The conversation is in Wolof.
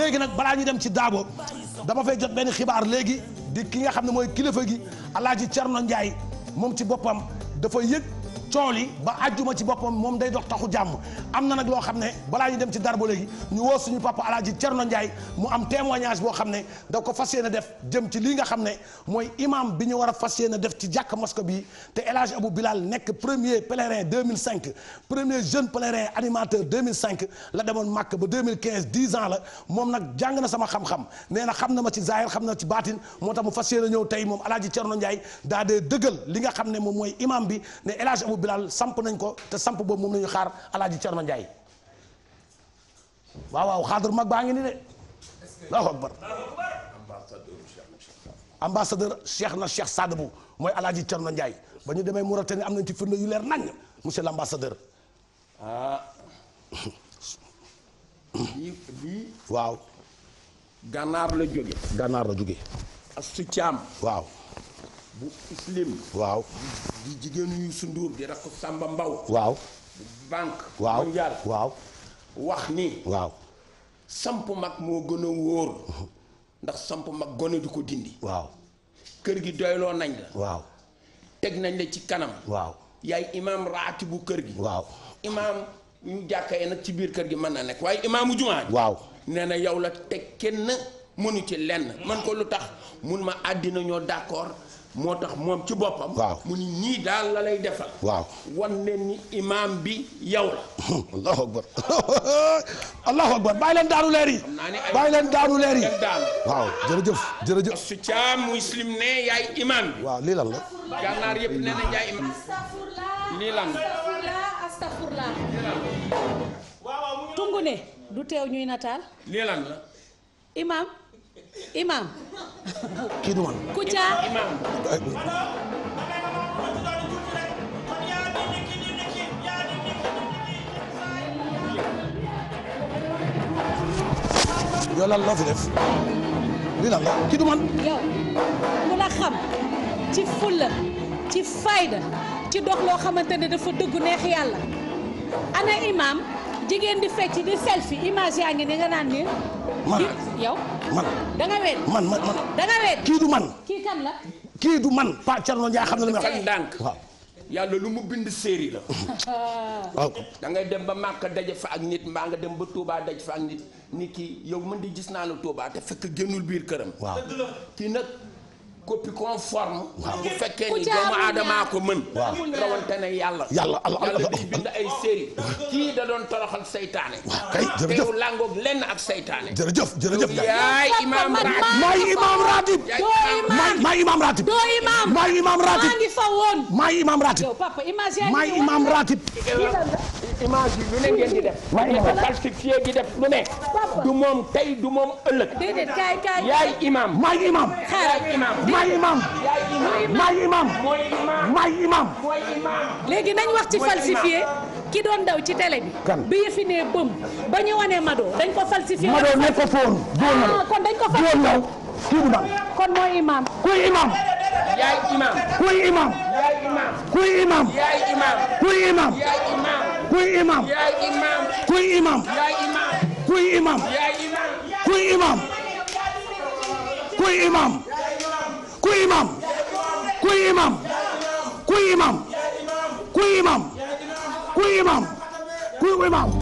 léegi nag balaa ñu dem ci daabo dama fay jot benn xibaar léegi di ki nga xam ne mooy kilifa gi Alaaji Cerno Njaay moom ci boppam dafa yëg cool yi ba àjjuma ci boppam moom day dox taxu jàmm am na nag loo xam ne balaa ñu dem ci dara ba léegi ñu woo suñu papa alaaji Cerno Ndiaye mu am témoignage boo xam ne da ko fas yéene def jëm ci lii nga xam ne mooy imam bi war a fas yéene def ci jàkk mosko bii te El Hadj Abou nekk premier pèlerin 2005 premier jeune pèlerin animateur 2005 la demoon màkk ba 2015 10 ans la moom nag jàng na sama xam-xam nee na xam na ma ci zahir xam na ci baatin moo tax mu fas yéene ñëw tey moom alaaji Cerno Ndiaye daa dee dëggal li nga xam ne moom mooy imam bi ne El Hadj Bilal samp nañ ko te samp boobu moom nañu xaar alaaji na Njaay waaw waaw xaadir mag baa ngi ni de allahu akbar ambassadeur cheikh na cheikh Sadibou mooy alaaji na Njaay ba ñu demee Mauritanie am nañ ci firnde yu leer nañ monsieur l'ambassadeur ah waaw gànnaar la jóge gànnaar la jóge astu caam waaw bu islim. waaw. di jigéenu Youssou Ndour di rakk Samba Mbaw. waaw. banque. waaw mondial waaw. wax ni. waaw. samp mag moo gën a wóor. ndax samp mag gone du ko dindi. waaw. kër gi doyloo nañ la. waaw. teg nañ la ci kanam. waaw. yaay imaam raati bu kër gi. waaw imaam ñu jàkkee nag ci biir kër gi mën na nekk waaye imaamu jumaa waaw nee na yow la teg kenn mënu ci lenn. man ko lu tax mun ma àddina ñoo d'accord. moo tax moom ci boppam. waaw mu ni ñii daal la lay defal. waaw wan ni imaam bi yow la. allahu akbar bàyyi leen daanu leer bàyyi leen daanu leer waaw jërëjëf jërëjëf. su caa muslim tungu ne du teew ñuy nataal. imaam. imam kii du man Kouthia yow lan loo la xam ci fulla ci fayda ci dox loo xamante dafa dëgg neex yàlla ana imam jigéen di fecc di selfie image yaa ngi ni nga naan ni man yow man da nga man man man da nga kii du man kii du man Pa Thierno Ndiaye xam na lu ma wax ndànk yàlla lu mu bind séeri la dangay dem ba Màkka daje fa ak nit mbaa nga dem ba Touba daj fa ak nit nit kii yow mën di gis naa la Touba te fekk génnul biir këram waaw copie conforme. waaw bu fekkee ni doomu aadamaa ko mën. waaw rawante ne yàlla. yàlla allah allah day bind ay série kii da doon toroxal seytaane. waaw kay jërëjëf te yow làngoog lenn ak seytaane. jërëjëf jërëjëf. yaay imaam ratib maay imaam ratib. maay imaam ratib. doo imaam maay imaam ratib. maa ngi fa woon. maay imaam ratib. yow papa image yaa ngi image yi lu ne ngeen di def. waaye falsifié di def lu nekk. du moom tey du moom ëllëg. déedéet kaay kaay yaay imam. maay imam. xaaral imam maay imam. maay imam. mooy imam maay imam. léegi nañ wax ci falsifié. ki doon daw ci télé bi. kan bi yëfi ne bëm ba ñu wane Mado dañ ko falsifié. Mado ne ko foon. ah kon dañ ko falsifié doon daw kon mooy imam. kuy imam. yaay imam. kuy imam. yaay imam. kuy imam. yaay imam. kuy imam. yaay imam. kuy imam kuy imam kuy imam kuy imam kuy imam kuy imam kuy imam kuy imam kuy imam kuy imam kuy imam